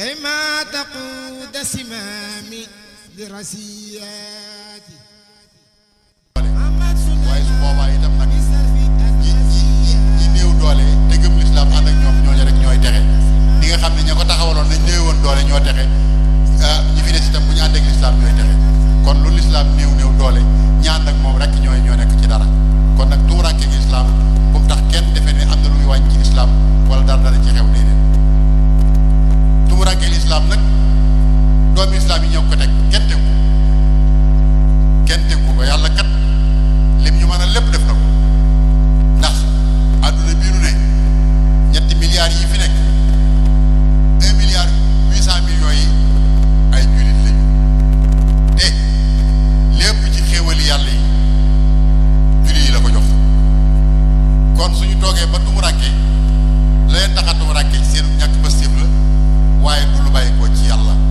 كيما تقود سمامي لرسياتي waaye su boobaa itam nag ñi ñi ñi néew doole te gëm lislaam ànd ak ñoom ñooñu rek ñooy texe ñi nga xam ne ña ko taxawaloon nañ néewoon doole ñoo texe ah ñi fi des itam bu ñu ànd ak lislaam ñooy texe kon lu lislaam néew néew doole ñi ànd ak moom rek ñooy ñoo nekk ci dara kon nag tuuraanke gi lislaam bu mu tax kenn defe ne am na luy wàññi ci lislaam wala dara dara ci xew déedéet bu ràggee lislaam nag doomi islaam yi ñëw ko teg kenn teg kenn teg ba yàlla kat lim ñu mën a lépp def na ko ndax àdduna bii ne ñetti milliards yi fi nekk deux milliards huit cent millions yi ay jullit lañu te lépp ci xéewali yàlla yi jullit yi la ko jox kon suñu toogee ba tumurànkee la leen tax a ci seen ñàkk bës waaye du lu bàyyi ko ci yàlla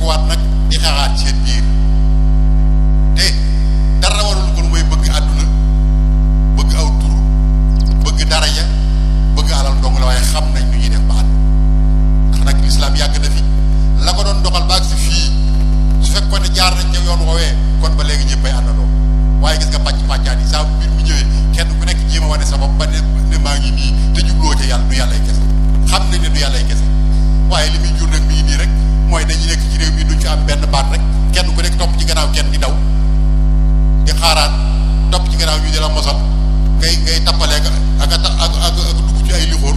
toogaat nag di xeexaat seen biir. top ci gannaaw yu di la mosal ngay ngay tapale ak ak ak ak dugg ci ay lixóor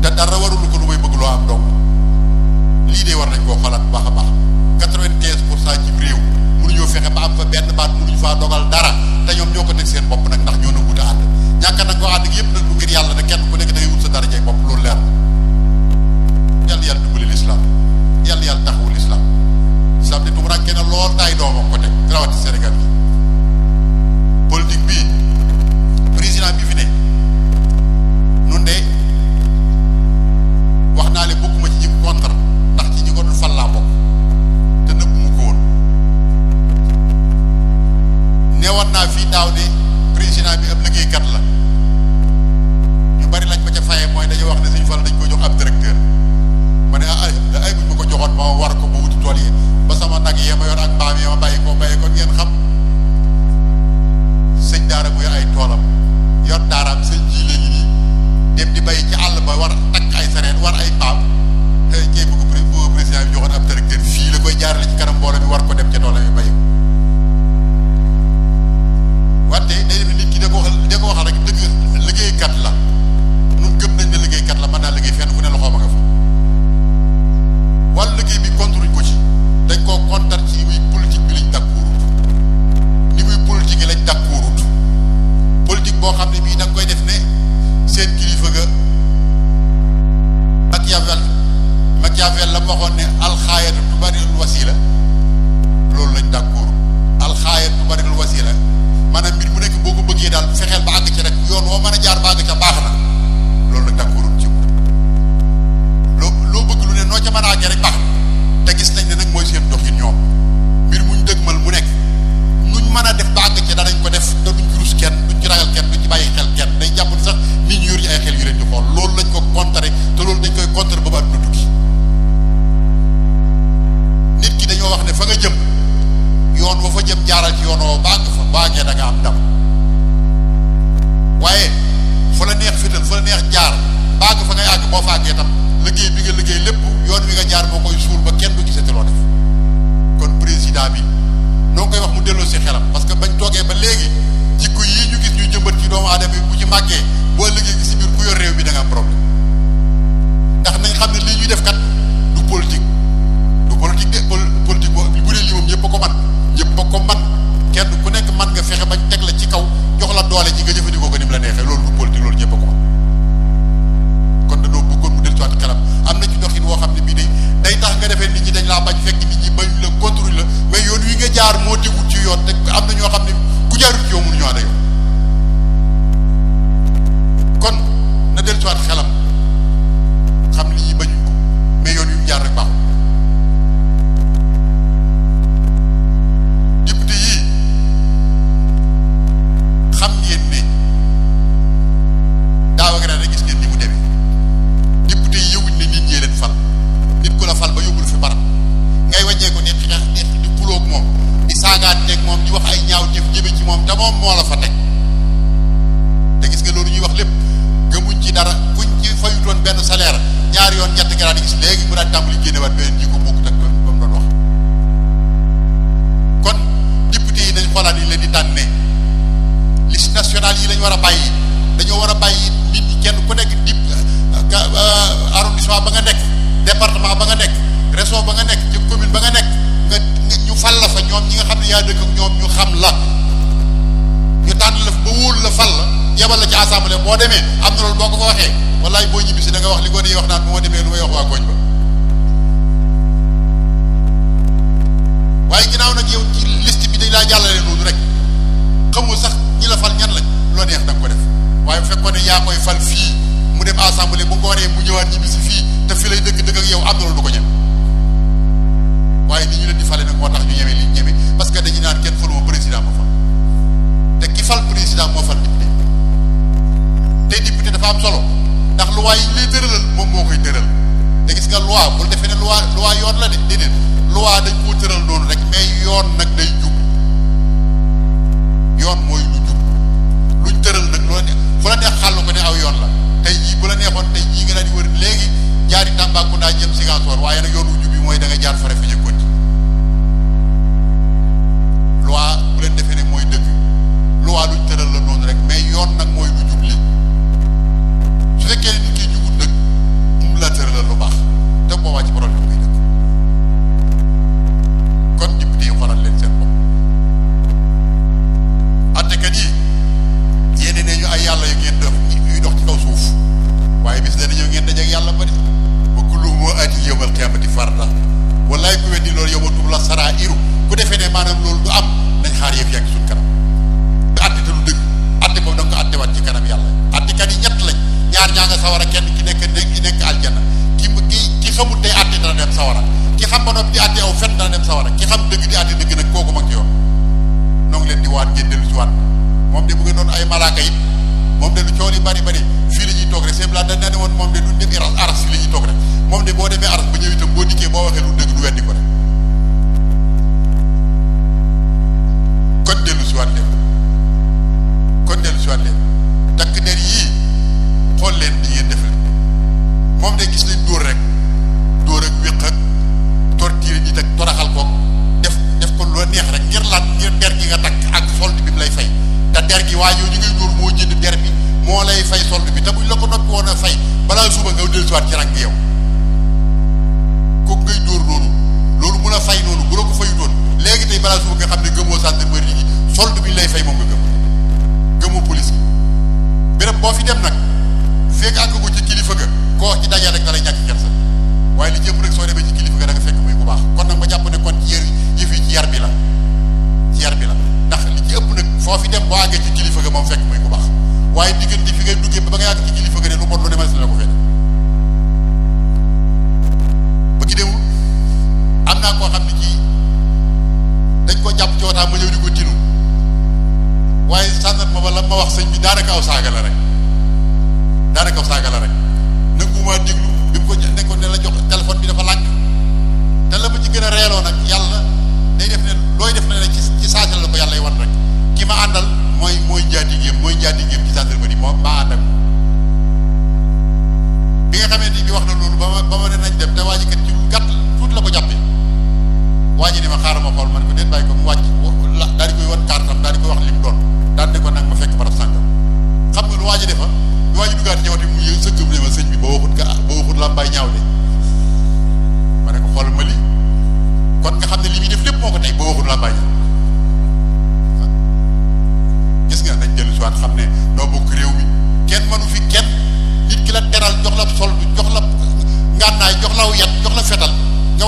da dara waru lu ko lu may bëgg lo am donc li de war nañ ko xalat baxa bax 95% ci rew mu ñu fexé ba am fa benn baat mu ñu fa dogal dara te ñom ñoko tek seen bop nak ndax ñoo nangu te ànd ñak na ko ànd yépp nak lu ngir yalla nak kenn ku nekk da ngay wut sa dara jey bop loolu leer yalla yalla dubul l'islam yalla yalla taxawul l'islam islam de tumuranke na lool tay do ko tek rawati senegal politique bi président bi fi ne itam liggéey bi nga liggéey lépp yoon wi nga jaar moo koy suul ba kenn du gisati loo def kon président bi noo koy wax mu delloo si xelam parce que bañ toogee ba léegi jikko yii ñu gis ñu jëmbat ci doomu aadama yi bu ci màggee boo liggéey gi si biir ku yor réew mi da problème ndax nañ xam ne lii ñuy def kat du politique du politique de politique boobu bu dee lii moom ñëpp a ko man ñëpp a ko man kenn ku nekk man nga fexe bañ teg la ci kaw jox la doole ci nga jëfandikoo ko ni mu la neexee loolu boo xam ne bii day day tax nga defee nit ñi dañ laa bañ fekk nit ñi bañ la la mais yoon wi nga jaar moo tegul ci yoon te am na ñoo xam ne ku jaarul ci yoon mënuñu ànd ak yow kon yoon ñett nga daan gis léegi bu daan tàmbali génnewaat beneen jikko bokkut ak ba mu doon wax kon député yi nañ xoolaat yi leen di tànne liste nationale yi lañ war a bàyyi dañoo war a nit ñi kenn ku nekk dip euh, arrondissement ba nga nekk département ba nga nekk région ba nga nekk ci commune ba nga nekk nga ñu fal la fa ñoom ñi nga xam ne yaa dëkk ñu xam la ñu tànn la ba wóolu la fal la yebal la ci assemblée boo demee am na loolu boo ko ko wallaay boo ñibbisi da nga wax li gone yi wax naan bu ma demee lu may wax waa koñ ba waaye ginnaaw nag yow ci liste bi dañ laa jàllale noonu rek xamul sax ñi la fal ñan lañ loo neex da nga ko def waaye bu fekkoon ne yaa koy fal fii mu dem assemblée bu ko waree mu ñëwaat ñibbisi fii te fi lay dëkk dëkk ak yow am na du ko ñem waaye ni ñu leen di fale nag moo tax ñu ñeme li ñu ñeme parce que dañu naan kenn faluma président moo fal te ki fal président moo fal député te député dafa am solo ndax loi yi lay tëralal moom moo koy tëral te gis nga loi bul defee ne loi loi yoon la de déedéet loi dañ koo tëral loolu rek mais yoon nag day jub yoon mooy lu jub luñ tëral nag loo ne fu la neex xàll ko ne aw yoon la te jii bu la neexoon tey jii nga daal di wër léegi jaari Tambacounda jëm Ziguinchor waaye nag yoon wu jub bi mooy da nga jaar fare fi jëkkoon kaw suuf waaye bis dana ñëw ngeen dajeeg yàlla ba de ba kullu moo aati yawmal qiyaamati farda wallaay ku weddi loolu yow atum la saraa iru ku defee ne maanaam loolu du am nañ xaar yëf yaa ngi suñ kanam da nga ko ci kanam yàlla àttekat yi ñett lañ ñaar ñaa nga sawara kenn ki nekk ki nekk aljanna ki ki ki xamut day àtte dana dem sawara ki xam ba noppi di àtte aw fen dana dem sawara ki xam dëgg di àtte dëgg nag kooku mag ci yoon noo leen di waat ngeen dellu ci waat moom de bu ngeen doon ay malaaka yi moom de lu coono yi bari bari fii la ñuy toog rek seen dañ ne woon moom de duñ def aras fii la ñuy rek moom de boo demee aras ba ñëw itam boo dikkee boo waxee lu dëgg du weddi ko rek sol yi solde bi lay fay moom nga gëm gëmoo police bi béréb boo fi dem nag fekk àgg ko ci kilifa ga koo wax ci dajee rek da lay ñàkk kersa waaye li jëm rek soo demee ci kilifa ga da fekk muy ku baax kon nag ma jàpp ne kon ci yër yëf yi ci yar bi la ci yar bi la ndax li ci ëpp nag foo fi dem boo àggee ci kilifa ga moom fekk muy ku baax waaye diggante fi ngay duggee ba nga yàgg ci kilifa ga ne lu bon lu si la ko fekk ba ki déwul am naa koo xam dañ ko jàpp cootaa ma ñëw di ko tinu waaye sànnar ma ba la ma wax sëñ bi daanaka aw saaga rek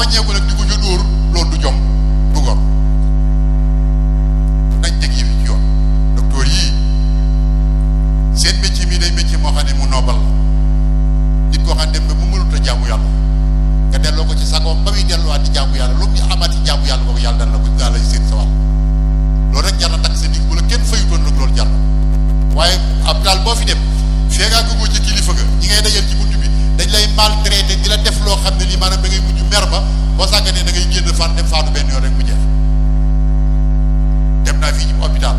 wàññeeku nag di ko ca dóor loolu du jom du gor nañ teg yi ci yoon docteur yii seen métier bi day métier moo xam ne mu noobal la nit koo xam dem ba mu mënut a jaamu yàlla nga delloo ko ci sagoom ba muy delluwaat ci jaamu yàlla lu mu amaat ci jaamu yàlla boobu yàlla dana la ko daa lay seen sa wàll rek jar na takk sa nit kenn fayutoon nag loolu jar na waaye ab daal fi dem feegaa ko ci kilifa ga ñi ngay dajal ci buntu maltraité dila def lo xamné ne manam da ngay muju mer ba boo sàgganee da ngay génn fan dem faatu benn yoon rek mu jeex dem na fi ci hôpital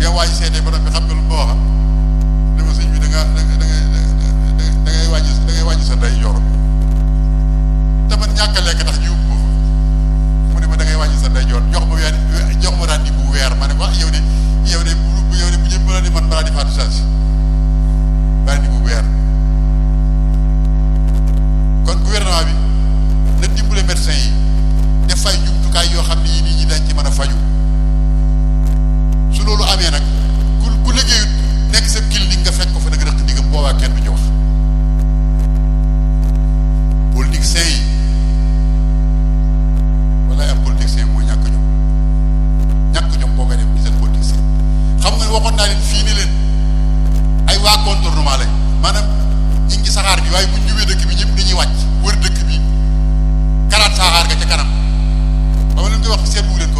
ya waji sédé borom bi xam nga lu ko wax dama sëñ bi da nga da nga da ngay waji da ngay waji sa day yor ta man ñaka lek tax jiw ko mu ne ma da ngay waji sa day yor jox bu weer jox ma rendez bu weer mané ko ah, yow ni yow ni bu yow ni bu ñëpp mën di man mën di fatu saa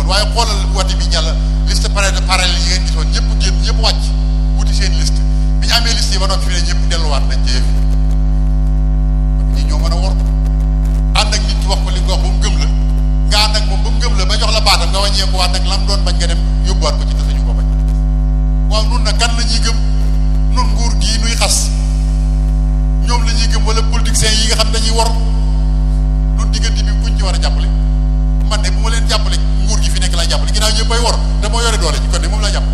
waaye xoolal woote bi jàll liste parallèle yi ngeen gisoon ñëpp génn ñëpp wàcc wuti seen liste bi ñu amee liste yi ba noppi fi ne ñëpp delluwaat nañ a wor ànd wax ko li nga wax ba mu gëm la nga ànd ak moom ba mu gëm la ba jox la baatam nga wàññeeku waat nag lam doon bañ nga dem yóbbuwaat ko ci desañu ko bañ waaw nun na kan la ñuy gëm nun nguur gii nuy xas ñoom la ñuy gëm wala politiciens yi nga xam ne dañuy war nun diggante bi kuñ ci war a jàppale man de bu ma leen jàppale nguur gi fi nekk laay jàppale ginnaaw ñëpp bay wor te moo yore doole ji kon de moom laa jàpp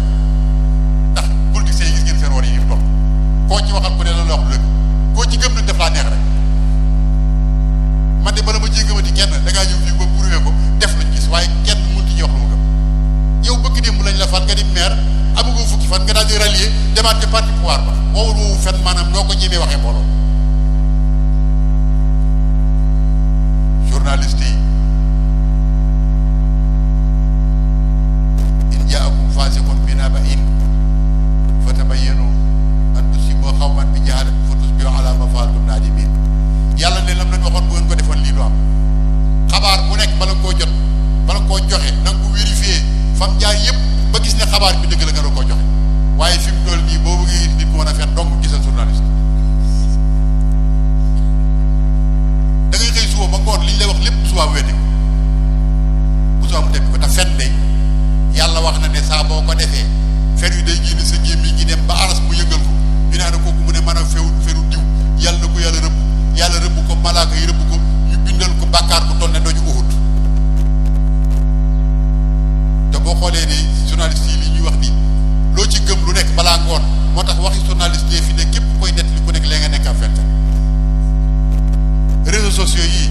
ndax politiciens yi gis ngeen seen wor yi fi toll koo ci waxal ku ne la wax lu koo ci def laa neex rek man de ma ciy gëmati kenn da ngaa ñëw fii ba ko def lañ gis waaye kenn mënut ci wax lu ma gëm yow bëgg démb lañ la fal nga di maire amagoo fukki fan nga daal di rallier demaat ci parti pouvoir ba woowul woowu fen maanaam noo ko ñemee waxee mbooloo yi bakar bu toll doñu uhud te bo xolé ni journaliste yi ñu wax ni lo ci gëm lu nekk bala ngor motax waxi journaliste yi fi ne kep koy nett li ku nekk lee nga nekk à fentan réseaux sociaux yi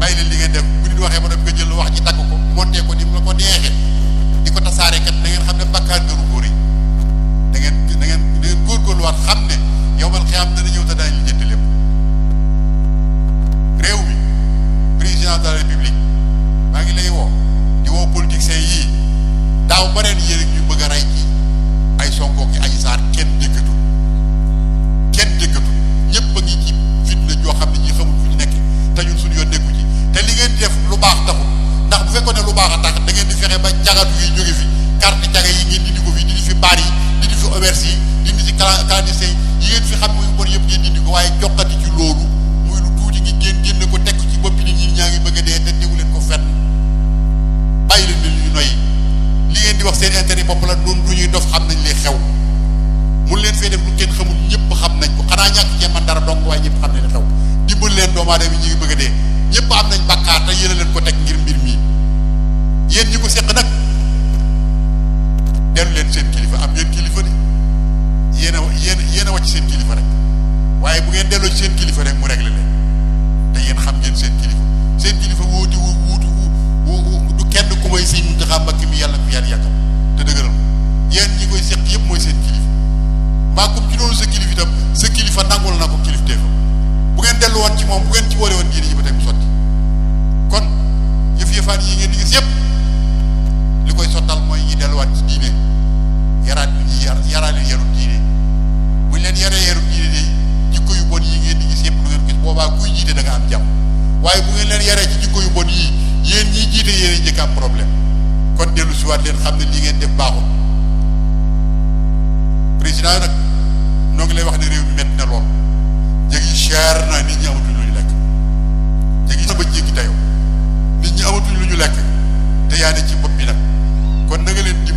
bàyyi leen li ngeen def bu di waxe mo dem nga jël wax ci tag ko monté ko di mu la ko neexee di ko tassaré kat da ngeen xamné bakar du gënu góor yi da ngeen da ngeen da ngeen lu xam xamné yowal xiyam dana ñew ta dañu jëtte lepp président de la république maa ngi lay woo di woo politiciens yii daaw ba ren yéen ñu bëgg a rey ci ay Sonko ki Adji Sarr kenn déggatul kenn déggatul ñëpp a ngi ci fitna joo xam ne ñi xamul fu ñu nekk te ñun suñu yoon nekku ci te li ngeen def lu baax taxul ndax bu fekkoon lu baax a tax da ngeen di fexe ba jagatu yi jóge fi carte jaga yi ngeen dindi ko fi dindi fi baar yi dindi fi auberge yi dindi fi clandestin yi ngeen fi xam muy bon yëpp ngeen di ko waaye jokkati bopp la doon du ñuy dof xam nañ li xew mun leen fee def lu kenn xamul ñëpp xam nañ ko xanaa ñàkk cee man dara donc waaye ñëpp xam nañ li xew dimbal leen doomu aadama yi ñu bëgg dee ñëpp am nañ bàkkaar te yéen leen ko teg ngir mbir mii yéen ñi ko seq nag dellu leen seen kilifa am rek waaye bu ngeen delloo ci seen kilifa rek mu réglé leen te yéen xam ngeen seen kilifa seen kilifa wuuti wuuti du kenn ku may siy munti xam mbakki mi yàlla ku yàlla yàggam da dëgëral yéen ñi koy seq yëpp mooy seen kilif mbaa comme ci doonu sa kilif itam sa kilifa nangul na ko kilif teefam bu ngeen delluwoon ci moom bu ngeen ci wóoree woon diine ji di gis yëpp li koy sottal mooy ñi delluwaat ci diine ngeen di gis boobaa kuy jiite da am jàmm waaye bu ngeen leen yaree ci jikko yu bon yii yéen ñiy jiite yéen a njëkk am problème. kon dellu si waat leen xam ne lii ngeen def baaxul président nag noo ngi lay wax ne réew mi métti na lool njëg nit ñi amatuñ lu ñu lekk njëg yi ba jéggi tayoo nit ñi amatuñ lu lekk te yaa ne ci bopp bi nag kon na leen